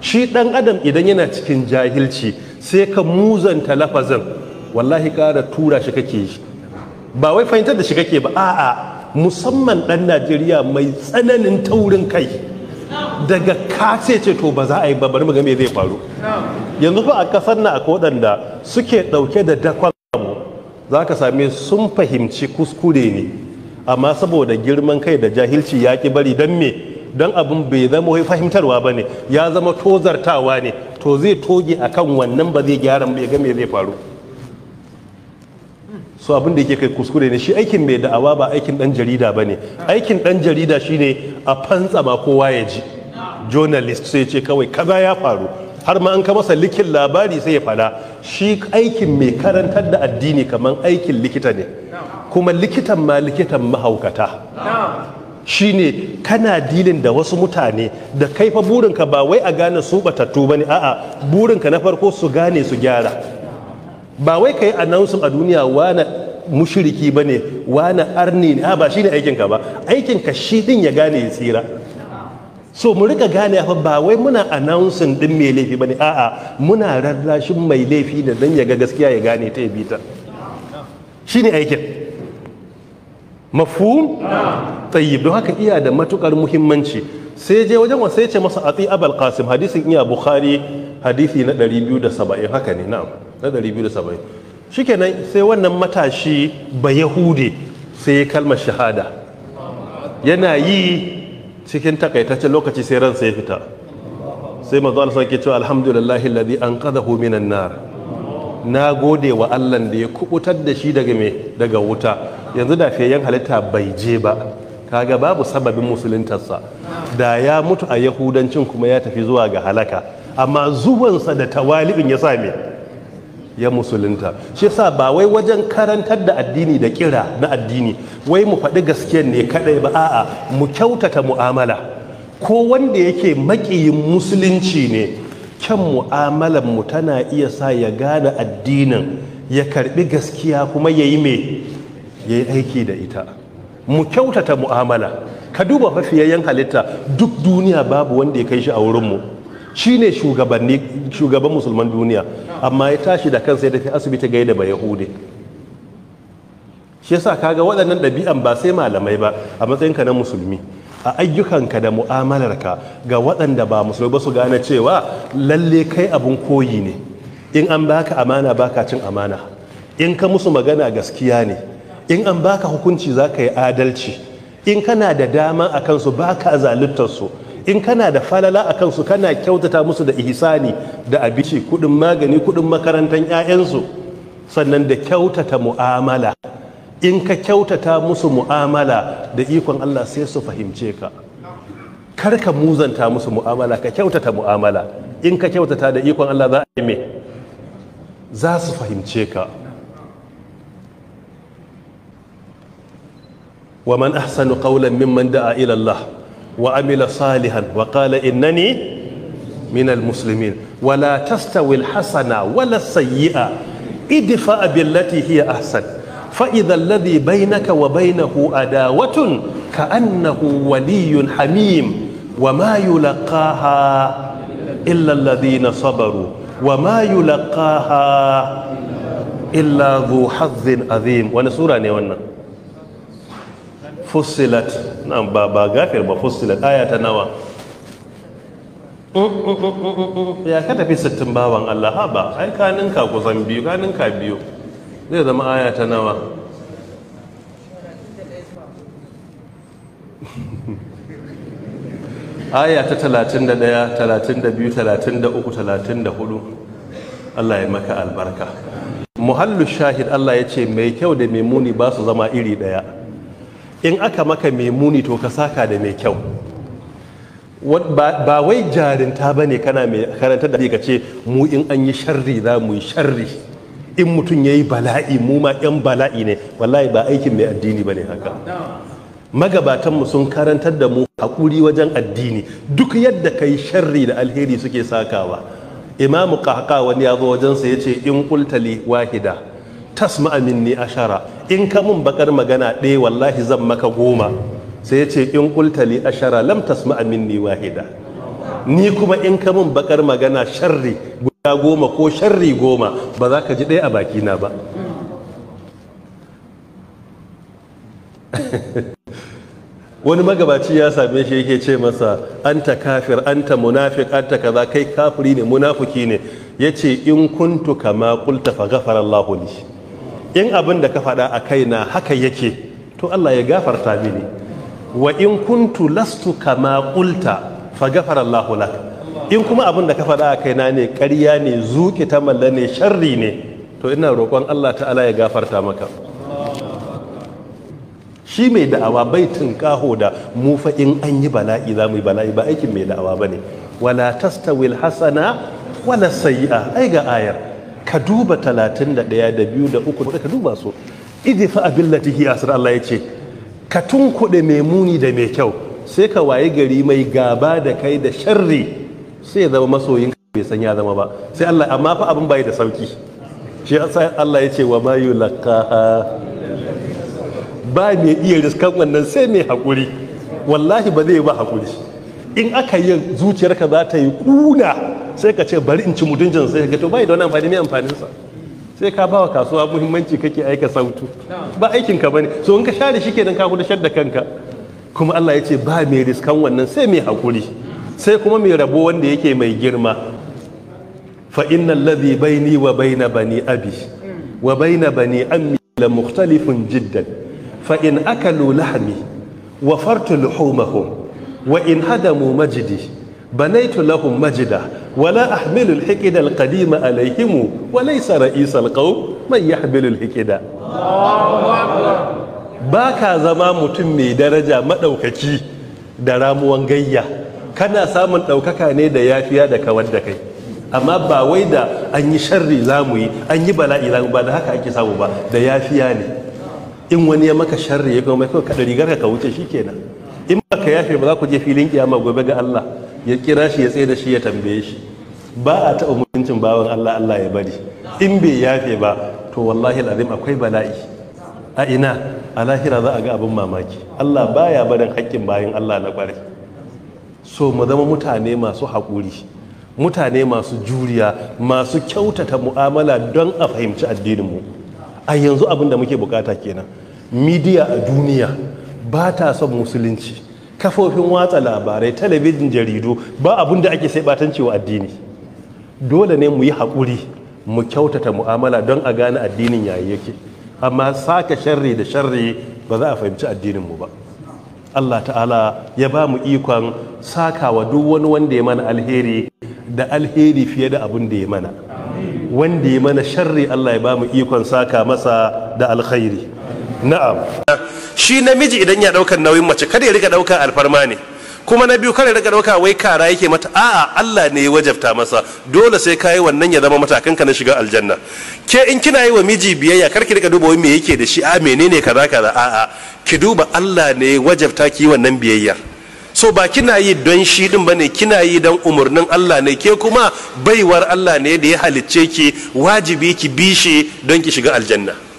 shi ɗan adam idan yana cikin jahilci sai ka muzanta lafazin wallahi ƙara tura shi kake yi ba wai fahimtar da shi kake ba a'a musamman ɗan najeriya mai tsananin taurin kai daga kace ce to ba za a yi ba bari mu ga zai faru yanzu fa a kasar na akwai waɗanda suke ɗauke da dakon mu za ka same sun fahimci kuskure ne amma saboda girman kai da jahilci ya ƙi bari don me don abin bai zama wai fahimtarwa ba ne ya zama tozartawa ne to zai toge a kan wannan ba zai gyara ya ga me zai faru so abin da yake kai kuskure ne shi aikin mai da'awa ba aikin dan jarida ba ne aikin dan jarida shine a fantsa ba kowa ya ji journalist sai ce kawai kaza ya faru har ma an ka masa likin labari sai ya fada shi aikin mai karantar da addini kamar aikin likita ne kuma likitan ma likitan mahaukata shine kana dilin da wasu mutane da kaifa burinka ba wai a gane su batattu bane a'a burinka na farko su gane su gyara ba wai kai announcing a duniya wani mushiriki bane wani arni ne a ba shine aikinka ba aikinka shi din ya gane ya tsira so mu rika gane fa ba wai muna announcing din mai laifi bane a'a muna rarrashin mai laifi da dan ya ga gaskiya ya gane ta ya bita shine aikin mafhum tayyib don haka iya da matukar muhimmanci sai je wajen wasu ce masa ati abal qasim hadisin iya bukhari hadisi na 270 haka ne na'am na 270 shikenan sai wannan matashi ba yahude sai ya kalma shahada yana yi cikin takaitaccen lokaci sai ransa ya fita sai manzo Allah ke cewa alhamdulillahi alladhi anqadhahu minan nar na gode wa Allah da ya kubutar da shi daga wuta yanzu da fiyayyen halitta bai je ba kaga babu sababin musuluntarsa da ya mutu a yahudancin kuma ya tafi zuwa ga halaka amma zuwansa da tawali'in ya sami ya musulunta shi sa ba wai wajen karantar da addini da kira na addini wai mu faɗi gaskiyar ne kaɗai ba a'a mu kyautata mu'amala ko wanda yake maƙiyin musulunci ne kyan mu'amalar mu tana iya sa ya gane addinin ya karɓi gaskiya kuma ya yi mai ya yi aiki da ita mu kyautata mu'amala ka duba fafiyayyen halitta duk duniya babu wanda ya kai shi a wurinmu shi ne shugaban musulman duniya amma ya tashi da kansa ya tafi asibiti gaida bayan hude shi yasa kaga waɗannan ɗabi'an ba sai malamai ba a matsayinka na musulmi a ayyukanka da mu'amalarka ga waɗanda ba musulmi ba su gane cewa lalle kai abun koyi ne in an baka amana baka cin amana in ka musu magana gaskiya ne in an baka hukunci za ka yi adalci in kana da dama a kansu ba ka zaluntarsu in kana da falala a kansu kana kyautata musu da ihsani da abinci kudin magani kudin makarantar 'ya'yansu sannan da kyautata mu'amala in ka kyautata musu mu'amala da ikon Allah sai su fahimce ka kar ka muzanta musu mu'amala ka kyautata mu'amala in ka kyautata da ikon Allah za a yi me za su fahimce ka wa man ahsanu qawlan Min da'a ila Allah wa amila salihan wa qala innani min almuslimin Wala la tastawi alhasana wala sayyi'a idfa billati hiya ahsan fa idha bainaka wa bainahu adawatun ka'annahu waliyyun hamim wa ma yulaqaha illa alladhina sabaru wa ma yulaqaha illa dhu hazzin azim wani sura ne wannan Fusilat na ba ba gafir ba fusilat. aya ta nawa mm, mm, mm, ya ka tafi sittin bawan Allah ha ba ai ka ninka kusan biyu ka ninka biyu zai zama aya ta nawa aya ta 31 32 33 34 Allah ya maka albarka muhallu shahid Allah ya ce mai kyau da mai muni ba su zama iri daya in aka maka mai muni to ka saka da mai kyau ba wai jarinta ba ne kana mai karanta da ka ce mu in an yi sharri za mu yi sharri in mutum ya yi bala'i mu ma 'yan bala'i ne wallahi ba aikin mai addini ba ne haka magabatanmu sun karantar da mu hakuri wajen addini duk yadda ka yi sharri da alheri suke sakawa imamu kaka wani ya zo wajensa ya ce in kultali wahida tasma minni ashara in ka mun bakar magana ɗaya wallahi zan maka goma sai ya ce in kultali ashara lam tasma minni wahida ni kuma in ka mun bakar magana sharri guda goma ko sharri goma ba za ka ji ɗaya a bakina ba wani magabaci ya same shi yake ce masa anta kafir anta munafik anta kaza kai kafiri ne munafuki ne yace in kuntu kama qulta fa ghafara Allahu li in abin da ka faɗa a kaina haka yake to Allah ya gafarta mini wa in kuntu lastu kama qulta fa gafara Allah lak in kuma abin da ka faɗa a kaina ne ƙarya ne zuƙi ta malla ne sharri ne to ina roƙon Allah ta'ala ya gafarta maka shi mai da'awa bai tunƙaho da mu fa in an yi bala'i za mu yi bala'i ba aikin mai da'awa bane wala tastawil hasana wala sayyi'a ai ga ayar ka duba talatin da 2 da 3 ka duba su idfa abillati hi asra Allah yace ka tunkuɗe mai muni da mai kyau sai ka wayi gari mai gaba da kai da sharri sai ya zama masoyin bai san ya zama ba sai Allah amma fa abin bayi da sauki shi sai Allah yace wa ma yulaqaha ba mai iya riskan wannan sai mai haƙuri wallahi ba zai ba haƙuri in aka yi zuciyarka za ta yi ƙuna sai ka ce bari in ci mutuncin sai ka to bai da wani amfani mai amfanin sa sai ka bawa kasuwa muhimmanci kake aika sautu ba aikin ka bane so in ka share shi kenan ka shar da kanka kuma Allah ya ce ba mai riskan wannan sai mai hakuri sai kuma mai rabo wanda yake mai girma fa innal ladhi baini wa baina bani abi wa baina bani ammi la mukhtalifun jiddan fa in akalu lahmi wa fartu luhumahum wa in hadamu majdi banaitu lahum majida. wala ahmilu al-hiqd al-qadim alaihim wa man yahmilu al-hiqda ba ka zama mutum mai daraja maɗaukaki da ramuwan gayya kana samun ɗaukaka ne da yafiya da kawar kai amma ba wai da an yi sharri za mu yi an yi bala'i za mu ba da haka ake samu ba da yafiya ne in wani ya maka sharri ya kuma mai kuma rigar ka wuce shi kenan in baka yafe ba za ku je filin kiyama gobe ga Allah ya kira shi ya tsaye da shi ya tambaye shi ba a taɓa mutuncin bawan Allah Allah ya bari in bai yafe ba to wallahi alazim akwai bala'i a ina a lahira za a ga abin mamaki Allah ba ya barin haƙƙin bayan Allah na ƙwarai so mu zama mutane masu haƙuri mutane masu juriya masu kyautata mu'amala don a fahimci addininmu a yanzu abin da muke bukata kenan midiya a duniya ba ta son musulunci kafofin watsa labarai talabijin jaridu ba abin da ake sai batanci wa addini dole ne mu yi haƙuri mu kyautata mu'amala don a gane addinin yayi yake amma saka sharri da sharri ba za a fahimci addininmu ba Allah ta'ala ya ba mu ikon sakawa duk wani wanda ya mana alheri da alheri fiye da abin da ya mana wanda ya mana sharri Allah ya ba mu ikon saka masa da alkhairi na'am shi namiji idan ya dauka nauyin mace kada ya rika dauka alfarma ne kuma na biyu kada ya rika ɗauka wai kara yake mata a'a Allah ne ya wajabta masa dole sai ka wannan ya zama matakan ka na shiga aljanna ke in kina yi wa miji biyayya kar ki rika duba wai me yake da shi a menene kaza kaza a'a ki duba Allah ne ya wajabta ki wannan biyayya so ba kina yi don shi din bane kina yi don umarnin Allah ne ke kuma baiwar Allah ne da ya halicce ki wajibi ki bi shi don ki shiga aljanna